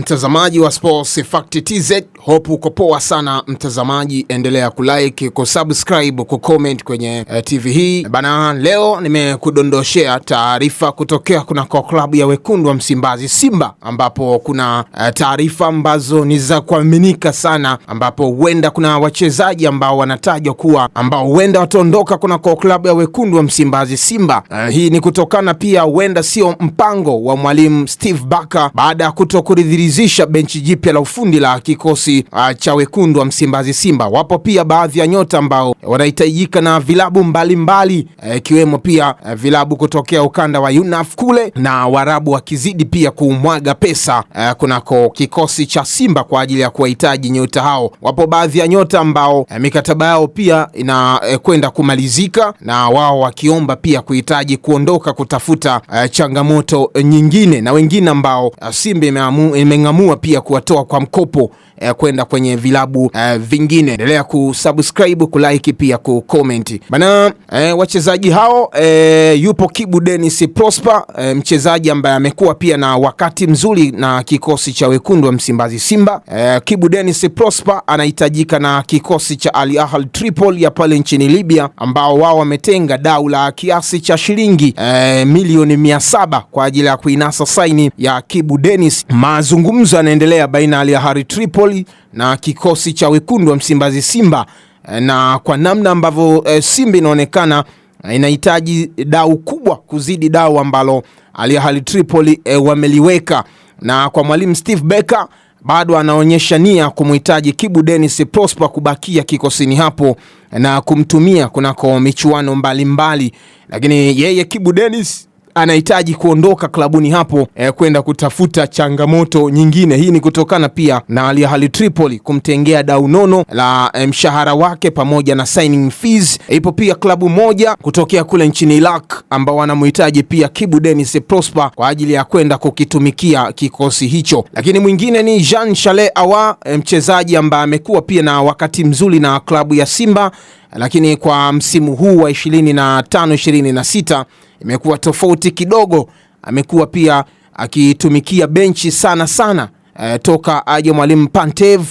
Mtazamaji wa Sports Fact TZ, hope uko poa sana mtazamaji, endelea kulike, kusubscribe, kucomment kwenye eh, TV hii bana. Leo nimekudondoshea taarifa kutokea kunako klabu ya wekundu wa Msimbazi Simba, ambapo kuna eh, taarifa ambazo ni za kuaminika sana, ambapo huenda kuna wachezaji ambao wanatajwa kuwa ambao huenda wataondoka kunako klabu ya wekundu wa Msimbazi Simba. Uh, hii ni kutokana pia huenda sio mpango wa mwalimu Steve Barker baada ya kutokuridhi kujiridhisha benchi jipya la ufundi la kikosi ah, cha wekundu wa Msimbazi Simba. Wapo pia baadhi ya nyota ambao wanahitajika na vilabu mbalimbali eh, ikiwemo mbali, pia eh, vilabu kutokea ukanda wa UNAF kule na Waarabu wakizidi pia kumwaga pesa eh, kunako kikosi cha Simba kwa ajili ya kuwahitaji nyota hao. Wapo baadhi ya nyota ambao mikataba yao pia inakwenda kumalizika na wao wakiomba pia kuhitaji kuondoka kutafuta changamoto nyingine na wengine ambao Simba imeamua ameng'amua pia kuwatoa kwa mkopo eh, kwenda kwenye vilabu eh, vingine. Endelea kusubscribe, kulike pia kucomment bana. Eh, wachezaji hao eh, yupo Kibu Dennis Prosper eh, mchezaji ambaye amekuwa pia na wakati mzuri na kikosi cha wekundu wa Msimbazi Simba. Eh, Kibu Dennis Prosper anahitajika na kikosi cha Al Ahly Tripoli ya pale nchini Libya, ambao wao wametenga dau la kiasi cha shilingi eh, milioni mia saba kwa ajili ya kuinasa saini ya Kibu Dennis. Mazungumzo yanaendelea baina ya Al Ahly Tripoli Napoli na kikosi cha wekundu wa Msimbazi Simba, eh, na kwa namna ambavyo eh, Simba inaonekana eh, inahitaji dau kubwa kuzidi dau ambalo Al Ahly Tripoli e, wameliweka na kwa mwalimu Steve Becker bado anaonyesha nia kumhitaji Kibu Dennis Prosper kubakia kikosini hapo na kumtumia kunako michuano mbalimbali mbali. Lakini yeye Kibu Dennis anahitaji kuondoka klabuni hapo eh, kwenda kutafuta changamoto nyingine. Hii ni kutokana pia na Al Ahly Tripoli kumtengea dau nono la eh, mshahara wake pamoja na signing fees. Ipo pia klabu moja kutokea kule nchini Iraq ambao wanamhitaji pia Kibu Dennis Prosper kwa ajili ya kwenda kukitumikia kikosi hicho, lakini mwingine ni Jean Charles Ahoua eh, mchezaji ambaye amekuwa pia na wakati mzuri na klabu ya Simba lakini kwa msimu huu wa 25 26 imekuwa tofauti kidogo. Amekuwa pia akitumikia benchi sana sana e, toka aje mwalimu Pantev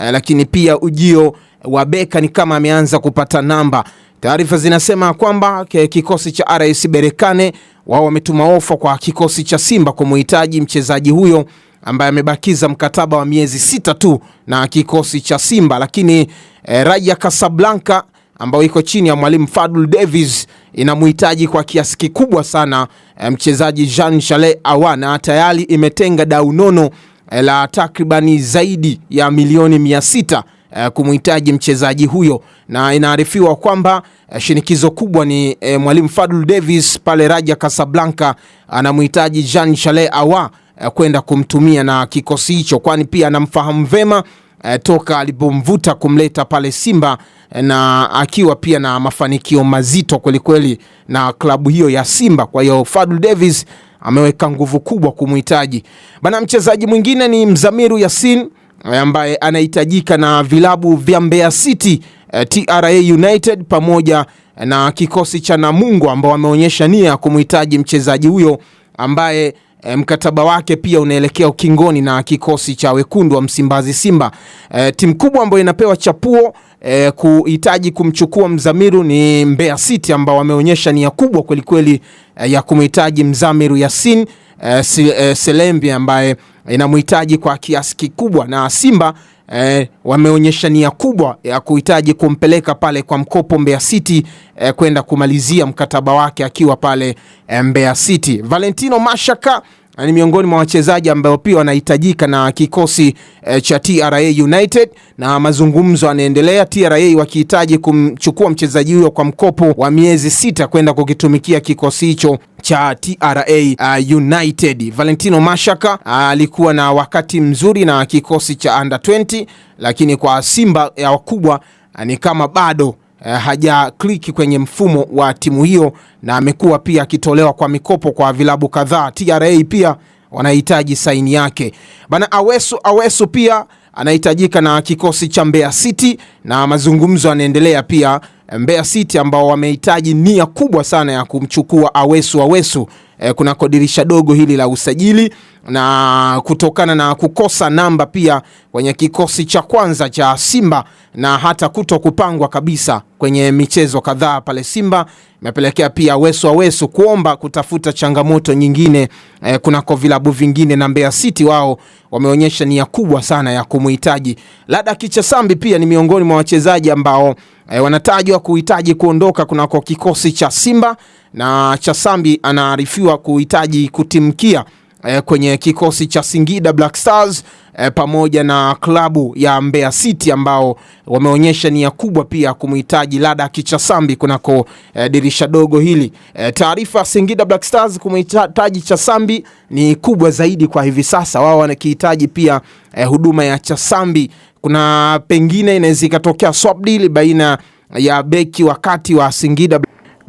e, lakini pia ujio wa beka ni kama ameanza kupata namba. Taarifa zinasema kwamba kikosi cha RS berekane wao wametuma ofa kwa kikosi cha Simba kumuhitaji mchezaji huyo ambaye amebakiza mkataba wa miezi sita tu na kikosi cha Simba, lakini e, eh, Raja Casablanca ambayo iko chini ya mwalimu Fadul Davis inamhitaji kwa kiasi kikubwa sana eh, mchezaji Jean Charles Awana. Tayari imetenga dau nono eh, la takribani zaidi ya milioni mia sita eh, kumhitaji mchezaji huyo, na inaarifiwa kwamba shinikizo kubwa ni e, mwalimu Fadul Davis pale Raja Casablanca anamhitaji Jean Charles Awa kwenda kumtumia na kikosi hicho, kwani pia anamfahamu vema eh, toka alipomvuta kumleta pale Simba eh, na akiwa pia na mafanikio mazito kwelikweli na klabu hiyo ya Simba. Kwa hiyo Fadlu Davis ameweka nguvu kubwa kumhitaji bana. Mchezaji mwingine ni Mzamiru Yasin eh, ambaye anahitajika na vilabu vya Mbeya City, eh, TRA United pamoja na kikosi cha Namungo ambao wameonyesha nia ya kumhitaji mchezaji huyo ambaye E, mkataba wake pia unaelekea ukingoni na kikosi cha wekundu wa Msimbazi Simba. E, timu kubwa ambayo inapewa chapuo e, kuhitaji kumchukua Mzamiru ni Mbeya City ambao wameonyesha nia kubwa kwelikweli ya kumhitaji Mzamiru Yasin eh, eh, Selembi ambaye inamhitaji kwa kiasi kikubwa na Simba eh, wameonyesha nia kubwa ya kuhitaji kumpeleka pale kwa mkopo Mbeya City eh, kwenda kumalizia mkataba wake akiwa pale eh, Mbeya City. Valentino Mashaka ni miongoni mwa wachezaji ambao pia wanahitajika na kikosi e, cha TRA United, na mazungumzo yanaendelea, TRA wakihitaji kumchukua mchezaji huyo kwa mkopo wa miezi sita kwenda kukitumikia kikosi hicho cha TRA uh, eh, United. Valentino Mashaka ah, alikuwa uh, na wakati mzuri na kikosi cha under 20, lakini kwa Simba ya wakubwa uh, ni kama bado eh, click kwenye mfumo wa timu hiyo na amekuwa pia akitolewa kwa mikopo kwa vilabu kadhaa. TRA pia wanahitaji saini yake bana. Awesu Awesu pia anahitajika na kikosi cha Mbeya City na mazungumzo yanaendelea pia Mbeya City ambao wamehitaji nia kubwa sana ya kumchukua Awesu Awesu eh, kuna kodirisha dogo hili la usajili na kutokana na kukosa namba pia kwenye kikosi cha kwanza cha Simba na hata kuto kupangwa kabisa kwenye michezo kadhaa pale Simba imepelekea pia Wesu Awesu kuomba kutafuta changamoto nyingine eh, kunako vilabu vingine, na Mbeya City wao wameonyesha nia kubwa sana ya kumuhitaji. Lada Kicha Sambi pia ni miongoni mwa wachezaji ambao eh, wanatajwa kuhitaji kuondoka kunako kikosi cha Simba, na cha Sambi anaarifiwa kuhitaji kutimkia eh, kwenye kikosi cha Singida Black Stars eh, pamoja na klabu ya Mbeya City ambao wameonyesha nia kubwa pia kumhitaji Lada Kichasambi kunako eh, dirisha dogo hili. Eh, taarifa Singida Black Stars kumhitaji Chasambi ni kubwa zaidi kwa hivi sasa, wao wanakihitaji pia eh, huduma ya Chasambi. Kuna pengine inaweza ikatokea swap deal baina ya beki wakati wa Singida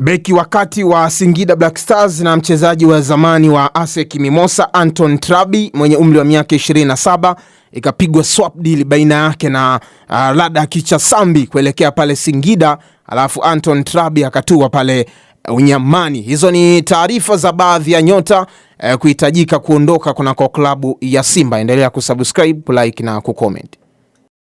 Beki wakati wa Singida Black Stars na mchezaji wa zamani wa ASEC Mimosa Anton Trabi mwenye umri wa miaka 27 ikapigwa swap deal baina yake na uh, Lada Kicha Sambi kuelekea pale Singida, alafu Anton Trabi akatua pale uh, Unyamani. Hizo ni taarifa za baadhi ya nyota uh, kuhitajika kuondoka kunako klabu ya Simba. Endelea kusubscribe, like na kucomment.